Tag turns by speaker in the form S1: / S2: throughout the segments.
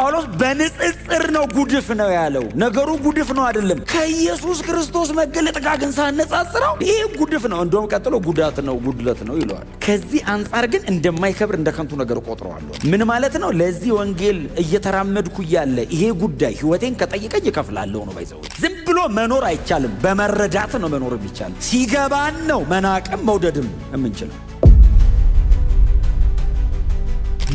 S1: ጳውሎስ በንጽጽር ነው ጉድፍ ነው ያለው። ነገሩ ጉድፍ ነው አይደለም፣ ከኢየሱስ ክርስቶስ መገለጥ ጋር ግን ሳነጻጽረው ይህ ጉድፍ ነው፣ እንደውም ቀጥሎ ጉዳት ነው ጉድለት ነው ይለዋል። ከዚህ አንጻር ግን እንደማይከብር እንደ ከንቱ ነገር ቆጥረዋለሁ። ምን ማለት ነው? ለዚህ ወንጌል እየተራመድኩ እያለ ይሄ ጉዳይ ህይወቴን ከጠይቀኝ ይከፍላለሁ ነው። ባይዘው ዝም ብሎ መኖር አይቻልም። በመረዳት ነው መኖር የሚቻል። ሲገባን ነው መናቅም መውደድም የምንችለው።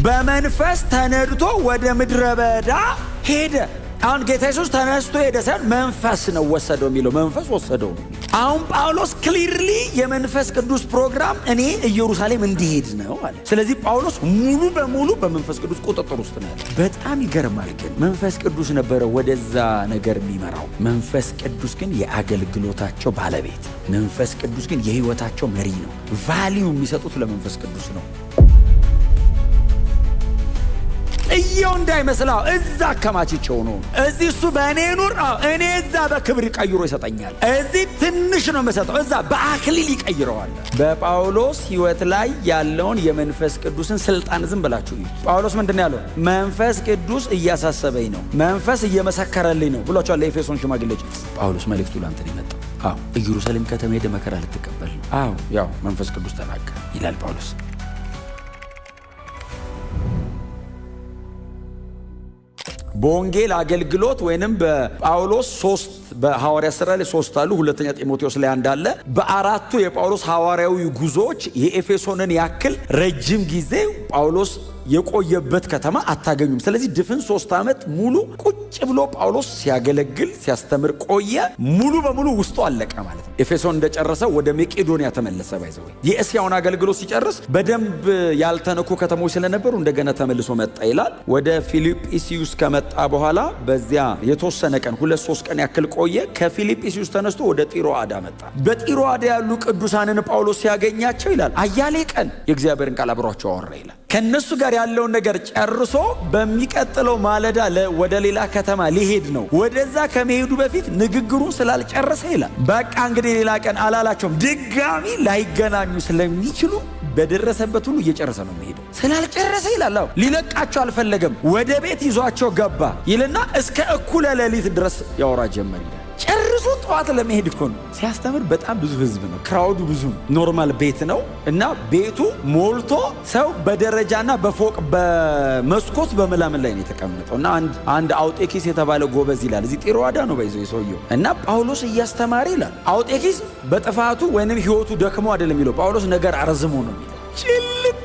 S1: በመንፈስ ተነድቶ ወደ ምድረ በዳ ሄደ። አሁን ጌታ ኢየሱስ ተነስቶ ሄደ ሳይሆን መንፈስ ነው ወሰደው የሚለው መንፈስ ወሰደው ነው። አሁን ጳውሎስ ክሊርሊ የመንፈስ ቅዱስ ፕሮግራም እኔ ኢየሩሳሌም እንዲሄድ ነው አለ። ስለዚህ ጳውሎስ ሙሉ በሙሉ በመንፈስ ቅዱስ ቁጥጥር ውስጥ ነው ያለ። በጣም ይገርማል። ግን መንፈስ ቅዱስ ነበረ ወደዛ ነገር የሚመራው። መንፈስ ቅዱስ ግን የአገልግሎታቸው ባለቤት፣ መንፈስ ቅዱስ ግን የህይወታቸው መሪ ነው። ቫሊዩ የሚሰጡት ለመንፈስ ቅዱስ ነው። እየው እንዳይመስላው እዛ አከማችቼው ነው። እዚህ እሱ በእኔ ኑር፣ እኔ እዛ በክብር ቀይሮ ይሰጠኛል። እዚህ ትንሽ ነው የምሰጠው፣ እዛ በአክሊል ይቀይረዋል። በጳውሎስ ህይወት ላይ ያለውን የመንፈስ ቅዱስን ስልጣን ዝም ብላችሁ እዩት። ጳውሎስ ምንድን ያለው? መንፈስ ቅዱስ እያሳሰበኝ ነው፣ መንፈስ እየመሰከረልኝ ነው ብሏቸዋል ለኤፌሶን ሽማግሌች። ጳውሎስ መልእክቱ ላንተ ይመጣ አዎ ኢየሩሳሌም ከተማ ሄደ መከራ ልትቀበል ነው። አዎ ያው መንፈስ ቅዱስ ተናገረ ይላል ጳውሎስ በወንጌል አገልግሎት ወይንም በጳውሎስ ሶስት በሐዋርያ ስራ ላይ ሶስት አሉ፣ ሁለተኛ ጢሞቴዎስ ላይ አንድ አለ። በአራቱ የጳውሎስ ሐዋርያዊ ጉዞዎች የኤፌሶንን ያክል ረጅም ጊዜ ጳውሎስ የቆየበት ከተማ አታገኙም። ስለዚህ ድፍን ሶስት ዓመት ሙሉ ቁጭ ብሎ ጳውሎስ ሲያገለግል ሲያስተምር ቆየ። ሙሉ በሙሉ ውስጡ አለቀ ማለት ነው። ኤፌሶን እንደጨረሰ ወደ ሜቄዶንያ ተመለሰ። ባይዘው የእስያውን አገልግሎት ሲጨርስ በደንብ ያልተነኩ ከተሞች ስለነበሩ እንደገና ተመልሶ መጣ ይላል። ወደ ፊልጵስዩስ ከመጣ በኋላ በዚያ የተወሰነ ቀን ሁለት ሶስት ቀን ያክል ቆየ። ከፊልጵስዩስ ተነስቶ ወደ ጢሮአዳ መጣ። በጢሮአዳ ያሉ ቅዱሳንን ጳውሎስ ሲያገኛቸው ይላል አያሌ ቀን የእግዚአብሔርን ቃል አብሯቸው አወራ ይላል። ከነሱ ጋር ያለውን ነገር ጨርሶ በሚቀጥለው ማለዳ ወደ ሌላ ከተማ ሊሄድ ነው። ወደዛ ከመሄዱ በፊት ንግግሩን ስላልጨረሰ ይላል በቃ እንግዲህ ሌላ ቀን አላላቸውም። ድጋሚ ላይገናኙ ስለሚችሉ በደረሰበት ሁሉ እየጨረሰ ነው የሚሄደው። ስላልጨረሰ ይላል አዎ፣ ሊለቃቸው አልፈለገም። ወደ ቤት ይዟቸው ገባ ይልና እስከ እኩለ ሌሊት ድረስ ያወራ ጀመር ይላል። ጨርሶ ጠዋት ለመሄድ እኮ ነው ሲያስተምር። በጣም ብዙ ህዝብ ነው፣ ክራውዱ ብዙ ኖርማል ቤት ነው እና ቤቱ ሞልቶ ሰው በደረጃና በፎቅ በመስኮት በምናምን ላይ ነው የተቀመጠው። እና አንድ አውጤኪስ የተባለ ጎበዝ ይላል እዚህ ጢሮዋዳ ነው ባይዘው የሰውየው እና ጳውሎስ እያስተማረ ይላል አውጤኪስ በጥፋቱ ወይንም ህይወቱ ደክሞ አይደለም የሚለው ጳውሎስ ነገር አረዝሞ ነው የሚለው ጭልጥ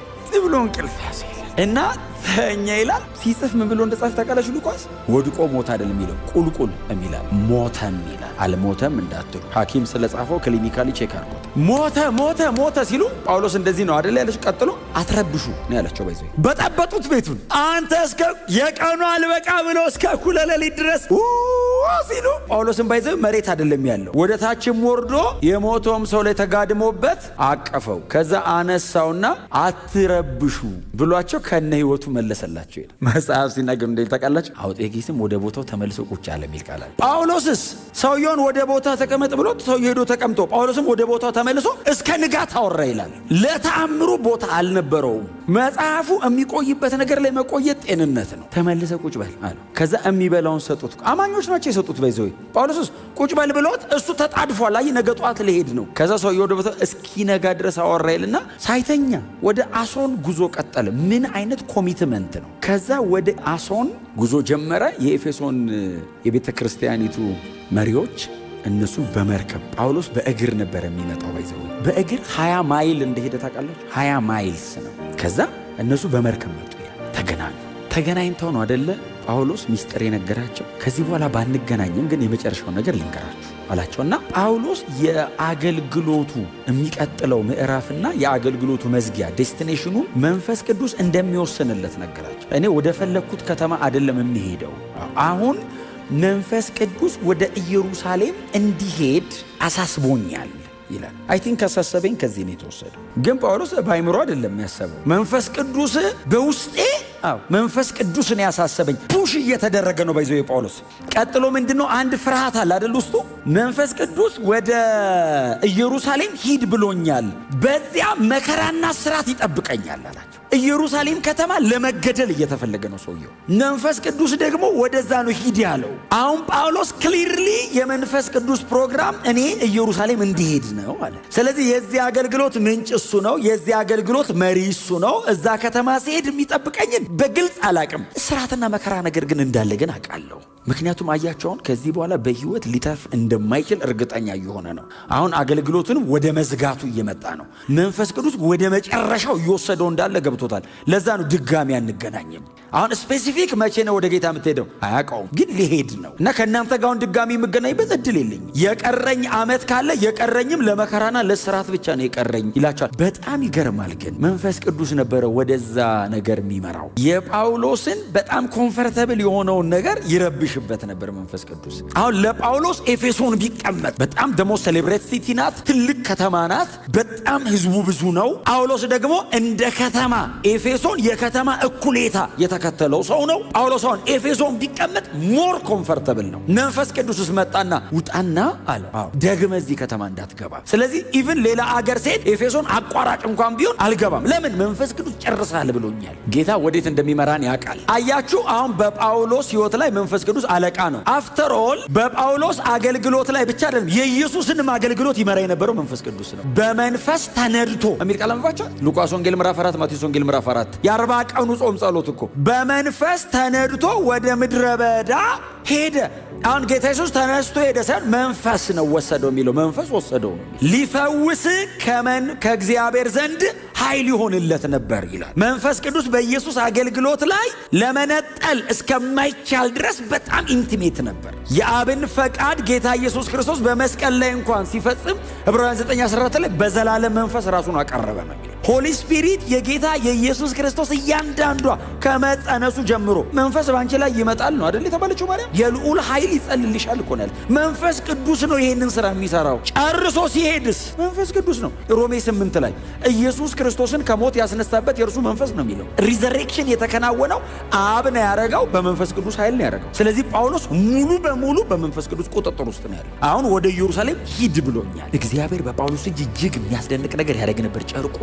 S1: ብሎ እንቅልፍ ያዘ እና ተኛ ይላል ሲጽፍ ምን ብሎ እንደጻፈ ታውቃላችሁ? ሉቃስ ወድቆ ሞተ አይደል የሚለው ቁልቁል የሚላል ሞተም ይላል። አልሞተም እንዳትሉ ሐኪም ስለጻፈው ክሊኒካሊ ቼክ አድርጎት ሞተ ሞተ ሞተ ሲሉ ጳውሎስ እንደዚህ ነው አደለ ያለች። ቀጥሎ አትረብሹ ነው ያላቸው። ባይዘ በጠበጡት ቤቱን አንተ እስከ የቀኑ አልበቃ ብሎ እስከ እኩለ ሌሊት ድረስ ሲሉ ጳውሎስን ባይዘ መሬት አይደለም ያለው ወደ ታችም ወርዶ የሞተውም ሰው ላይ ተጋድሞበት አቀፈው። ከዛ አነሳውና አትረብሹ ብሏቸው ከነ ህይወቱ መለሰላቸው ይላል። መጽሐፍ ሲናገር እንደል ታውቃላችሁ። አውጤኪስም ወደ ቦታው ተመልሶ ቁጭ አለ የሚል ቃል አለ። ጳውሎስስ ሰውየውን ወደ ቦታ ተቀመጥ ብሎት ሰው ሄዶ ተቀምጦ ጳውሎስም ወደ ቦታው ተመልሶ እስከ ንጋት አወራ ይላል። ለተአምሩ ቦታ አልነበረውም። መጽሐፉ የሚቆይበት ነገር ላይ መቆየት ጤንነት ነው። ተመልሰ ቁጭ በል አለ። ከዛ የሚበላውን ሰጡት። አማኞች ናቸው የሰጡት። በይዘ ጳውሎስስ ቁጭ በል ብለውት እሱ ተጣድፏል። አይ ነገ ጠዋት ልሄድ ነው። ከዛ ሰው የወደ ቦታ እስኪነጋ ድረስ አወራ ይልና ሳይተኛ ወደ አሶን ጉዞ ቀጠለ። ምን አይነት ኮሚትመንት ነው! ከዛ ወደ አሶን ጉዞ ጀመረ። የኤፌሶን የቤተ ክርስቲያኒቱ መሪዎች እነሱ በመርከብ ጳውሎስ በእግር ነበር የሚመጣው። ባይዘው በእግር ሀያ ማይል እንደሄደ ታውቃለች። ሀያ ማይልስ ነው። ከዛ እነሱ በመርከብ መጡ። ተገናኙ። ተገናኝተው ነው አደለ ጳውሎስ ሚስጥር የነገራቸው። ከዚህ በኋላ ባንገናኝም ግን የመጨረሻው ነገር ልንገራችሁ እና ጳውሎስ የአገልግሎቱ የሚቀጥለው ምዕራፍና የአገልግሎቱ መዝጊያ ዴስቲኔሽኑ መንፈስ ቅዱስ እንደሚወስንለት ነገራቸው። እኔ ወደ ፈለግኩት ከተማ አደለም የሚሄደው አሁን መንፈስ ቅዱስ ወደ ኢየሩሳሌም እንዲሄድ አሳስቦኛል ይላል። አይ ቲንክ አሳሰበኝ ከዚህ ነው የተወሰደው። ግን ጳውሎስ በአይምሮ አይደለም ያሰበው። መንፈስ ቅዱስ በውስጤ አዎ መንፈስ ቅዱስ ነው ያሳሰበኝ። ፑሽ እየተደረገ ነው ባይዘው የጳውሎስ ቀጥሎ ምንድነው? አንድ ፍርሃት አለ አደል ውስጡ መንፈስ ቅዱስ ወደ ኢየሩሳሌም ሂድ ብሎኛል፣ በዚያ መከራና ስራት ይጠብቀኛል አላቸው። ኢየሩሳሌም ከተማ ለመገደል እየተፈለገ ነው ሰውየው። መንፈስ ቅዱስ ደግሞ ወደዛ ነው ሂድ ያለው። አሁን ጳውሎስ ክሊርሊ የመንፈስ ቅዱስ ፕሮግራም እኔ ኢየሩሳሌም እንዲሄድ ነው አለ። ስለዚህ የዚህ አገልግሎት ምንጭ እሱ ነው። የዚህ አገልግሎት መሪ እሱ ነው። እዛ ከተማ ሲሄድ የሚጠብቀኝን በግልጽ አላቅም። ስርዓትና መከራ ነገር ግን እንዳለ ግን አውቃለሁ። ምክንያቱም አያቸውን ከዚህ በኋላ በህይወት ሊተርፍ እንደማይችል እርግጠኛ እየሆነ ነው። አሁን አገልግሎቱንም ወደ መዝጋቱ እየመጣ ነው። መንፈስ ቅዱስ ወደ መጨረሻው እየወሰደው እንዳለ ገብቶታል። ለዛ ነው ድጋሚ አንገናኝም። አሁን ስፔሲፊክ መቼ ነው ወደ ጌታ የምትሄደው አያውቀውም፣ ግን ሊሄድ ነው እና ከእናንተ ጋር አሁን ድጋሚ የምገናኝበት እድል የለኝም። የቀረኝ አመት ካለ የቀረኝም ለመከራና ለስራት ብቻ ነው የቀረኝ ይላቸዋል። በጣም ይገርማል። ግን መንፈስ ቅዱስ ነበረ ወደዛ ነገር የሚመራው የጳውሎስን በጣም ኮንፈርተብል የሆነውን ነገር ይረብሽ ይሽበት ነበር መንፈስ ቅዱስ። አሁን ለጳውሎስ ኤፌሶን ቢቀመጥ በጣም ደግሞ ሴሌብሬት ሲቲ ናት፣ ትልቅ ከተማ ናት። በጣም ህዝቡ ብዙ ነው። ጳውሎስ ደግሞ እንደ ከተማ ኤፌሶን የከተማ እኩሌታ የተከተለው ሰው ነው። ጳውሎስ አሁን ኤፌሶን ቢቀመጥ ሞር ኮንፈርተብል ነው። መንፈስ ቅዱስስ መጣና ውጣና አለ ደግመ እዚህ ከተማ እንዳትገባ። ስለዚህ ኢቭን ሌላ አገር ሴት ኤፌሶን አቋራጭ እንኳን ቢሆን አልገባም። ለምን? መንፈስ ቅዱስ ጨርሳል ብሎኛል። ጌታ ወዴት እንደሚመራን ያውቃል። አያችሁ፣ አሁን በጳውሎስ ህይወት ላይ መንፈስ ቅዱስ አለቃ ነው። አፍተር ኦል በጳውሎስ አገልግሎት ላይ ብቻ አይደለም የኢየሱስንም አገልግሎት ይመራ የነበረው መንፈስ ቅዱስ ነው። በመንፈስ ተነድቶ የሚል ቃል አንባቸው ሉቃስ ወንጌል ምዕራፍ አራት ማቴዎስ ወንጌል ምዕራፍ አራት የአርባ ቀኑ ጾም ጸሎት እኮ በመንፈስ ተነድቶ ወደ ምድረ በዳ ሄደ። አሁን ጌታ ኢየሱስ ተነስቶ ሄደ ሳይሆን መንፈስ ነው ወሰደው የሚለው መንፈስ ወሰደው ነው። ሊፈውስ ከመን ከእግዚአብሔር ዘንድ ኃይል ይሆንለት ነበር ይላል። መንፈስ ቅዱስ በኢየሱስ አገልግሎት ላይ ለመነጠል እስከማይቻል ድረስ በጣም ኢንቲሜት ነበር። የአብን ፈቃድ ጌታ ኢየሱስ ክርስቶስ በመስቀል ላይ እንኳን ሲፈጽም ዕብራውያን 9 ላይ በዘላለም መንፈስ ራሱን አቀረበ ነው ሆሊ ስፒሪት የጌታ የኢየሱስ ክርስቶስ እያንዳንዷ ከመጸነሱ ጀምሮ መንፈስ ባንቺ ላይ ይመጣል ነው አደል የተባለችው ማርያም። የልዑል ኃይል ይጸልልሻል እኮ ነው መንፈስ ቅዱስ ነው ይሄንን ስራ የሚሰራው። ጨርሶ ሲሄድስ መንፈስ ቅዱስ ነው። ሮሜ ስምንት ላይ ኢየሱስ ክርስቶስን ከሞት ያስነሳበት የእርሱ መንፈስ ነው የሚለው። ሪዘሬክሽን የተከናወነው አብ ነው ያረጋው፣ በመንፈስ ቅዱስ ኃይል ነው ያረጋው። ስለዚህ ጳውሎስ ሙሉ በሙሉ በመንፈስ ቅዱስ ቁጥጥር ውስጥ ነው ያለው። አሁን ወደ ኢየሩሳሌም ሂድ ብሎኛል። እግዚአብሔር በጳውሎስ እጅ እጅግ የሚያስደንቅ ነገር ያደረግ ነበር። ጨርቁ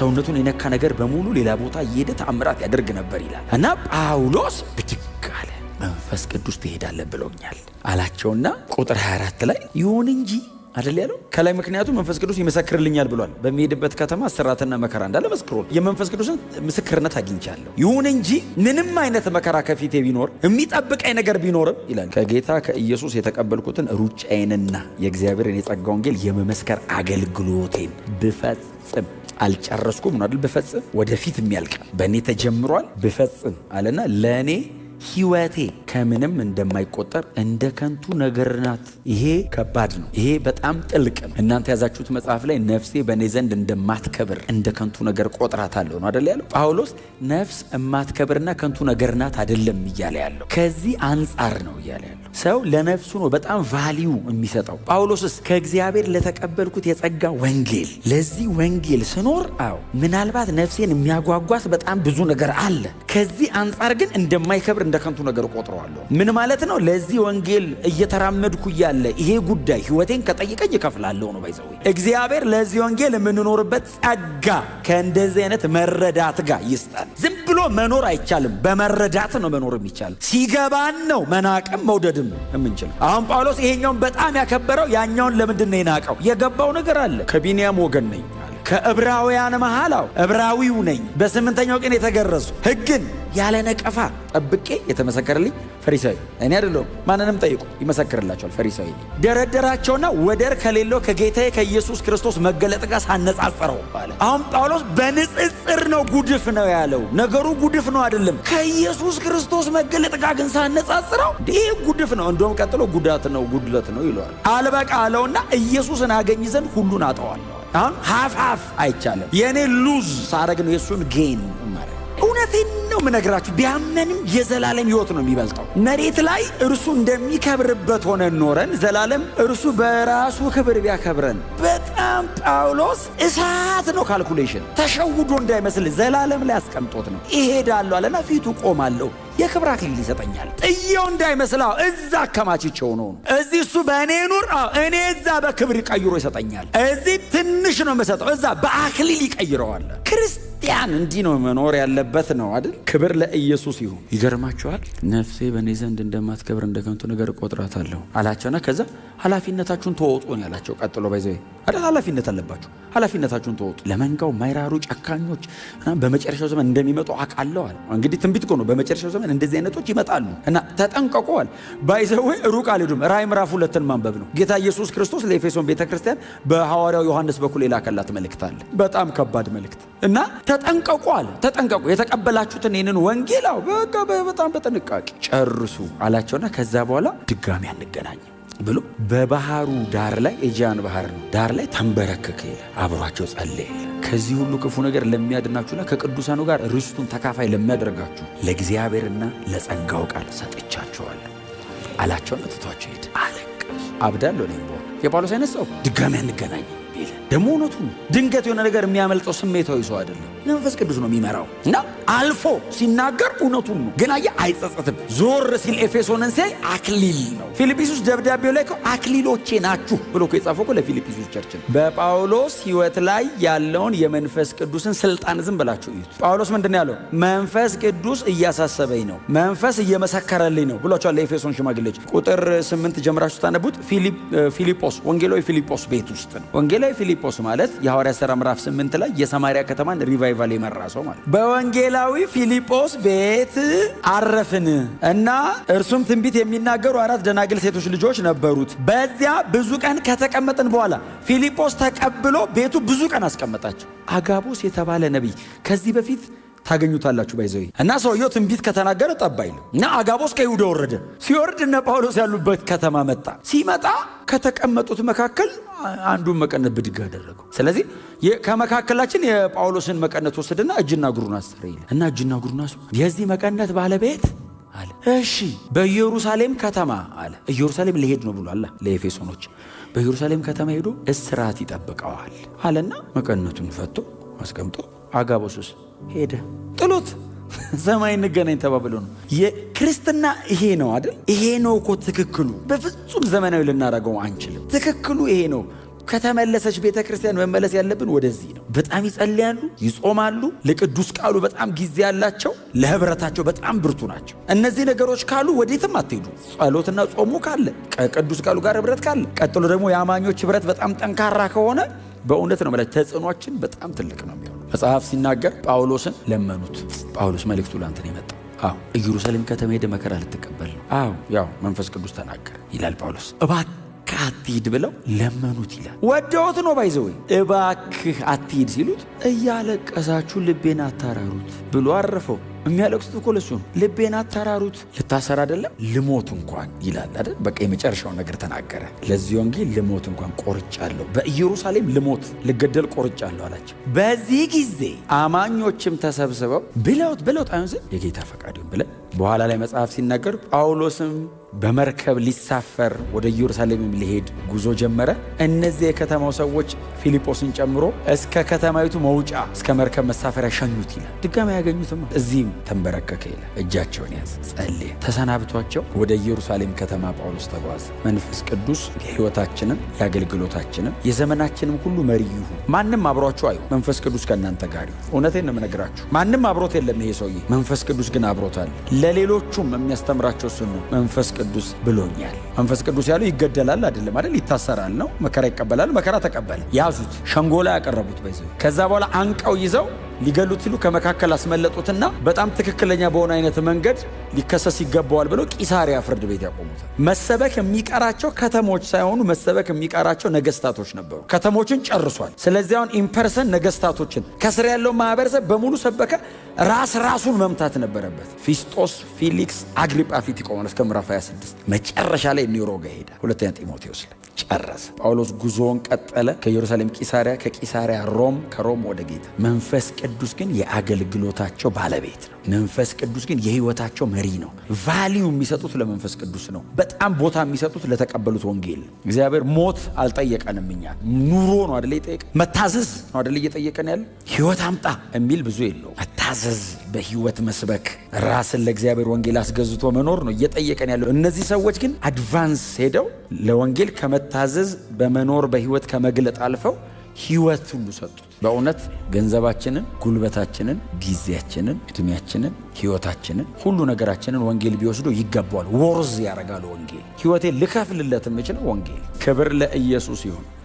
S1: ሰውነቱን የነካ ነገር በሙሉ ሌላ ቦታ እየሄደ ተአምራት ያደርግ ነበር ይላል እና ጳውሎስ ብድግ አለ። መንፈስ ቅዱስ ትሄዳለ ብሎኛል አላቸውና ቁጥር 24 ላይ ይሁን እንጂ አደል ያለው ከላይ ምክንያቱም መንፈስ ቅዱስ ይመሰክርልኛል ብሏል። በሚሄድበት ከተማ ስራትና መከራ እንዳለ መስክሮ የመንፈስ ቅዱስን ምስክርነት አግኝቻለሁ። ይሁን እንጂ ምንም አይነት መከራ ከፊቴ ቢኖር የሚጠብቀኝ ነገር ቢኖርም ይላል ከጌታ ከኢየሱስ የተቀበልኩትን ሩጫዬንና የእግዚአብሔርን የጸጋ ወንጌል የመመስከር አገልግሎቴን ብፈጽም አልጨረስኩም ነው አይደል? ብፈጽም ወደፊት የሚያልቅ በእኔ ተጀምሯል ብፈጽም አለና ለእኔ ህይወቴ ከምንም እንደማይቆጠር እንደ ከንቱ ነገር ናት። ይሄ ከባድ ነው። ይሄ በጣም ጥልቅ ነው። እናንተ ያዛችሁት መጽሐፍ ላይ ነፍሴ በእኔ ዘንድ እንደማትከብር እንደ ከንቱ ነገር ቆጥራታለሁ ነው አደለ ያለው ጳውሎስ። ነፍስ እማትከብርና ከንቱ ነገር ናት አደለም እያለ ያለው ከዚህ አንጻር ነው እያለ ያለው። ሰው ለነፍሱ ነው በጣም ቫሊዩ የሚሰጠው። ጳውሎስስ ከእግዚአብሔር ለተቀበልኩት የጸጋ ወንጌል ለዚህ ወንጌል ስኖር አዎ ምናልባት ነፍሴን የሚያጓጓት በጣም ብዙ ነገር አለ። ከዚህ አንጻር ግን እንደማይከብር እንደ ከንቱ ነገር ቆጥረዋለሁ። ምን ማለት ነው? ለዚህ ወንጌል እየተራመድኩ እያለ ይሄ ጉዳይ ህይወቴን ከጠይቀኝ እከፍላለሁ ነው ባይዘው። እግዚአብሔር ለዚህ ወንጌል የምንኖርበት ጸጋ ከእንደዚህ አይነት መረዳት ጋር ይስጠን። ዝም ብሎ መኖር አይቻልም። በመረዳት ነው መኖር የሚቻል። ሲገባን ነው መናቅም መውደድም የምንችል። አሁን ጳውሎስ ይሄኛውን በጣም ያከበረው ያኛውን ለምንድን ነው የናቀው? የገባው ነገር አለ። ከቢንያም ወገን ነኝ ከዕብራውያን መሃል ዕብራዊው ነኝ። በስምንተኛው ቀን የተገረዙ ሕግን ያለ ነቀፋ ጠብቄ የተመሰከረልኝ ፈሪሳዊ እኔ አይደለሁም። ማንንም ጠይቁ ይመሰክርላቸዋል። ፈሪሳዊ ደረደራቸውና ወደር ከሌለው ከጌታዬ ከኢየሱስ ክርስቶስ መገለጥ ጋር ሳነጻጽረው አለ። አሁን ጳውሎስ በንጽጽር ነው ጉድፍ ነው ያለው። ነገሩ ጉድፍ ነው አይደለም፣ ከኢየሱስ ክርስቶስ መገለጥ ጋር ግን ሳነጻጽረው ይህ ጉድፍ ነው። እንደውም ቀጥሎ ጉዳት ነው፣ ጉድለት ነው ይለዋል። አልበቃ አለውና ኢየሱስን አገኝ ዘንድ ሁሉን አጠዋለሁ አሁን ሀፍ ሀፍ አይቻልም። የእኔ ሉዝ ሳረግ ነው የእሱን ጌን ማረግ። እውነቴን ነው ምነግራችሁ፣ ቢያመንም የዘላለም ህይወት ነው የሚበልጠው። መሬት ላይ እርሱ እንደሚከብርበት ሆነን ኖረን ዘላለም እርሱ በራሱ ክብር ቢያከብረን በጣም ጳውሎስ እሳት ነው ካልኩሌሽን ተሸውዶ እንዳይመስል ዘላለም ላይ አስቀምጦት ነው ይሄዳለሁ አለና ፊቱ ቆማለሁ የክብር አክሊል ይሰጠኛል። ጥየው እንዳይመስላው እዛ አከማችቼው ነው። እዚህ እሱ በእኔ ኑር፣ እኔ እዛ በክብር ቀይሮ ይሰጠኛል። እዚህ ትንሽ ነው የምሰጠው፣ እዛ በአክሊል ይቀይረዋል። ክርስቲያን እንዲህ ነው መኖር ያለበት ነው አይደል? ክብር ለኢየሱስ ይሁን። ይገርማችኋል። ነፍሴ በእኔ ዘንድ እንደማትከብር እንደ ከንቱ ነገር ቆጥራታለሁ አላቸውና ከዛ ኃላፊነታችሁን ተወጡ ነው ያላቸው። ቀጥሎ ባይዘ አይደል? ኃላፊነት አለባችሁ። ኃላፊነታችሁን ተወጡ። ለመንጋው ማይራሩ ጨካኞች በመጨረሻው ዘመን እንደሚመጡ አለ። እንግዲህ ትንቢት እኮ ነው። በመጨረሻው ዘመን እንደዚህ አይነቶች ይመጣሉ እና ተጠንቀቁዋል። ባይዘዌ ሩቅ አልሄዱም። ራእይ ምዕራፍ ሁለትን ማንበብ ነው። ጌታ ኢየሱስ ክርስቶስ ለኤፌሶን ቤተ ክርስቲያን በሐዋርያው ዮሐንስ በኩል የላከላት መልእክት አለ። በጣም ከባድ መልእክት እና ተጠንቀቁ አለ። ተጠንቀቁ የተቀበላችሁትን ይህንን ወንጌል አው በቃ በጣም በጥንቃቄ ጨርሱ አላቸውና ከዛ በኋላ ድጋሚ አንገናኝ ብሎ በባህሩ ዳር ላይ ኤጂያን ባህር ነው ዳር ላይ ተንበረከከ ይላል። አብሯቸው ጸለየ። ከዚህ ሁሉ ክፉ ነገር ለሚያድናችሁና ከቅዱሳኑ ጋር ርስቱን ተካፋይ ለሚያደርጋችሁ ለእግዚአብሔርና ለጸጋው ቃል ሰጥቻችኋለሁ አላቸውና ትቷቸው ሄደ። አለቀሱ። አብዳለሁ እኔም በሆነ የጳውሎስ አይነት ሰው ድጋሚ አንገናኝ ይላል ደግሞ እውነቱ ድንገት የሆነ ነገር የሚያመልጠው ስሜታዊ ሰው አይደለም። መንፈስ ቅዱስ ነው የሚመራው እና አልፎ ሲናገር እውነቱን ነው። ግን አየህ አይጸጸትም። ዞር ሲል ኤፌሶንን ሲያይ አክሊል ነው። ፊልጵስዩስ ደብዳቤው ላይ አክሊሎቼ ናችሁ ብሎ የጻፈው ለፊልጵስዩስ ቸርች ነው። በጳውሎስ ሕይወት ላይ ያለውን የመንፈስ ቅዱስን ስልጣን ዝም ብላችሁ እዩት። ጳውሎስ ምንድን ያለው መንፈስ ቅዱስ እያሳሰበኝ ነው፣ መንፈስ እየመሰከረልኝ ነው ብሏቸዋል ለኤፌሶን ሽማግሌዎች። ቁጥር ስምንት ጀምራችሁ ታነቡት። ፊልጶስ ወንጌላዊ ፊልጶስ ቤት ውስጥ ነው ወንጌላዊ ፊልጶስ ማለት የሐዋርያ ሥራ ምዕራፍ 8 ላይ የሰማሪያ ከተማን ሪቫይቫል የመራ ሰው ማለት በወንጌላዊ ፊልጶስ ቤት አረፍን እና እርሱም ትንቢት የሚናገሩ አራት ደናግል ሴቶች ልጆች ነበሩት። በዚያ ብዙ ቀን ከተቀመጥን በኋላ ፊልጶስ ተቀብሎ ቤቱ ብዙ ቀን አስቀመጣቸው። አጋቦስ የተባለ ነቢይ ከዚህ በፊት ታገኙታላችሁ ባይዘዊ እና ሰውየው ትንቢት ከተናገረ ጠባይ ነው እና አጋቦስ ከይሁዳ ወረደ። ሲወርድ እነ ጳውሎስ ያሉበት ከተማ መጣ። ሲመጣ ከተቀመጡት መካከል አንዱን መቀነት ብድግ አደረገው። ስለዚህ ከመካከላችን የጳውሎስን መቀነት ወሰደና እጅና እግሩን አሰረ ይለ እና እጅና እግሩን አስ የዚህ መቀነት ባለቤት አለ እሺ፣ በኢየሩሳሌም ከተማ አለ ኢየሩሳሌም ሊሄድ ነው ብሎ ብሏል ለኤፌሶኖች። በኢየሩሳሌም ከተማ ሄዶ እስራት ይጠብቀዋል አለና መቀነቱን ፈቶ አስቀምጦ አጋቦስስ ሄደ። ጥሉት ሰማይ እንገናኝ ተባብሎ ነው። የክርስትና ይሄ ነው አይደል? ይሄ ነው እኮ ትክክሉ። በፍጹም ዘመናዊ ልናደርገው አንችልም። ትክክሉ ይሄ ነው። ከተመለሰች ቤተ ክርስቲያን መመለስ ያለብን ወደዚህ ነው። በጣም ይጸልያሉ፣ ይጾማሉ፣ ለቅዱስ ቃሉ በጣም ጊዜ ያላቸው፣ ለህብረታቸው በጣም ብርቱ ናቸው። እነዚህ ነገሮች ካሉ ወዴትም አትሄዱ። ጸሎትና ጾሙ ካለ ከቅዱስ ቃሉ ጋር ህብረት ካለ፣ ቀጥሎ ደግሞ የአማኞች ህብረት በጣም ጠንካራ ከሆነ በእውነት ነው ተጽዕኖችን በጣም ትልቅ ነው። መጽሐፍ ሲናገር ጳውሎስን ለመኑት። ጳውሎስ መልእክቱ ላንተ ነው የመጣው። አዎ ኢየሩሳሌም ከተማ ሄደ መከራ ልትቀበል ነው። አዎ ያው መንፈስ ቅዱስ ተናገረ ይላል ጳውሎስ። እባክህ አትሂድ ብለው ለመኑት ይላል። ወደውት ነው ባይዘው እባክህ አትሂድ ሲሉት እያለቀሳችሁ ልቤን አታራሩት ብሎ አረፈው። የሚያለቅሱት እኮ ለሱ ነው። ልቤን አታራሩት ልታሰር አይደለም ልሞት እንኳን ይላል አይደል? በቃ የመጨረሻውን ነገር ተናገረ። ለዚህ ወንጌል ልሞት እንኳን ቆርጫለሁ፣ በኢየሩሳሌም ልሞት ልገደል ቆርጫለሁ አላቸው። በዚህ ጊዜ አማኞችም ተሰብስበው ብለውት ብለውት አይሆን ዘንድ የጌታ ፈቃድ ይሁን ብለን በኋላ ላይ መጽሐፍ ሲናገር ጳውሎስም በመርከብ ሊሳፈር ወደ ኢየሩሳሌምም ሊሄድ ጉዞ ጀመረ። እነዚህ የከተማው ሰዎች ፊልጶስን ጨምሮ እስከ ከተማይቱ መውጫ እስከ መርከብ መሳፈሪያ ሸኙት ይላል። ድጋሚ ያገኙትም እዚህም ተንበረከከ ይለ እጃቸውን ያዘ፣ ጸልየ ተሰናብቷቸው ወደ ኢየሩሳሌም ከተማ ጳውሎስ ተጓዘ። መንፈስ ቅዱስ የሕይወታችንም የአገልግሎታችንም የዘመናችንም ሁሉ መሪ ይሁን። ማንም አብሯችሁ አይሁን፣ መንፈስ ቅዱስ ከእናንተ ጋር ይሁን። እውነቴን ነው የምነግራችሁ፣ ማንም አብሮት የለም። ይሄ ሰውዬ መንፈስ ቅዱስ ግን አብሮታል። ለሌሎቹም የሚያስተምራቸው ስኑ መንፈስ ቅዱስ ብሎኛል። መንፈስ ቅዱስ ያለው ይገደላል አይደለም አይደል? ይታሰራል ነው። መከራ ይቀበላል። መከራ ተቀበለ። ያዙት፣ ሸንጎላ ያቀረቡት በዚ ከዛ በኋላ አንቀው ይዘው ሊገሉት ሲሉ ከመካከል አስመለጡትና በጣም ትክክለኛ በሆነ አይነት መንገድ ሊከሰስ ይገባዋል ብለው ቂሳሪያ ፍርድ ቤት ያቆሙታል። መሰበክ የሚቀራቸው ከተሞች ሳይሆኑ መሰበክ የሚቀራቸው ነገስታቶች ነበሩ። ከተሞችን ጨርሷል። ስለዚህ አሁን ኢምፐርሰን ነገስታቶችን ከስር ያለው ማህበረሰብ በሙሉ ሰበከ። ራስ ራሱን መምታት ነበረበት። ፊስጦስ ፊሊክስ አግሪጳ ፊት ይቆማል እስከ ምዕራፍ 26 መጨረሻ ላይ ኒሮጋ ሄዳ ሁለተኛ ጢሞቴዎስ ላይ ጨረሰ። ጳውሎስ ጉዞውን ቀጠለ፣ ከኢየሩሳሌም ቂሳሪያ፣ ከቂሳሪያ ሮም፣ ከሮም ወደ ጌታ። መንፈስ ቅዱስ ግን የአገልግሎታቸው ባለቤት ነው። መንፈስ ቅዱስ ግን የህይወታቸው መሪ ነው። ቫሊዩ የሚሰጡት ለመንፈስ ቅዱስ ነው። በጣም ቦታ የሚሰጡት ለተቀበሉት ወንጌል። እግዚአብሔር ሞት አልጠየቀንም። እኛ ኑሮ ነው አደለ የጠየቀ መታዘዝ ነው አደለ እየጠየቀን ያለ ህይወት አምጣ የሚል ብዙ የለው። መታዘዝ፣ በህይወት መስበክ፣ ራስን ለእግዚአብሔር ወንጌል አስገዝቶ መኖር ነው እየጠየቀን ያለው። እነዚህ ሰዎች ግን አድቫንስ ሄደው ለወንጌል ከመታዘዝ በመኖር በህይወት ከመግለጥ አልፈው ህይወት ሁሉ ሰጡት። በእውነት ገንዘባችንን፣ ጉልበታችንን፣ ጊዜያችንን፣ እድሜያችንን፣ ህይወታችንን፣ ሁሉ ነገራችንን ወንጌል ቢወስዶ ይገባዋል። ወርዝ ያደርጋል ወንጌል። ህይወቴ ልከፍልለት የምችለው ወንጌል። ክብር ለኢየሱስ ይሁን።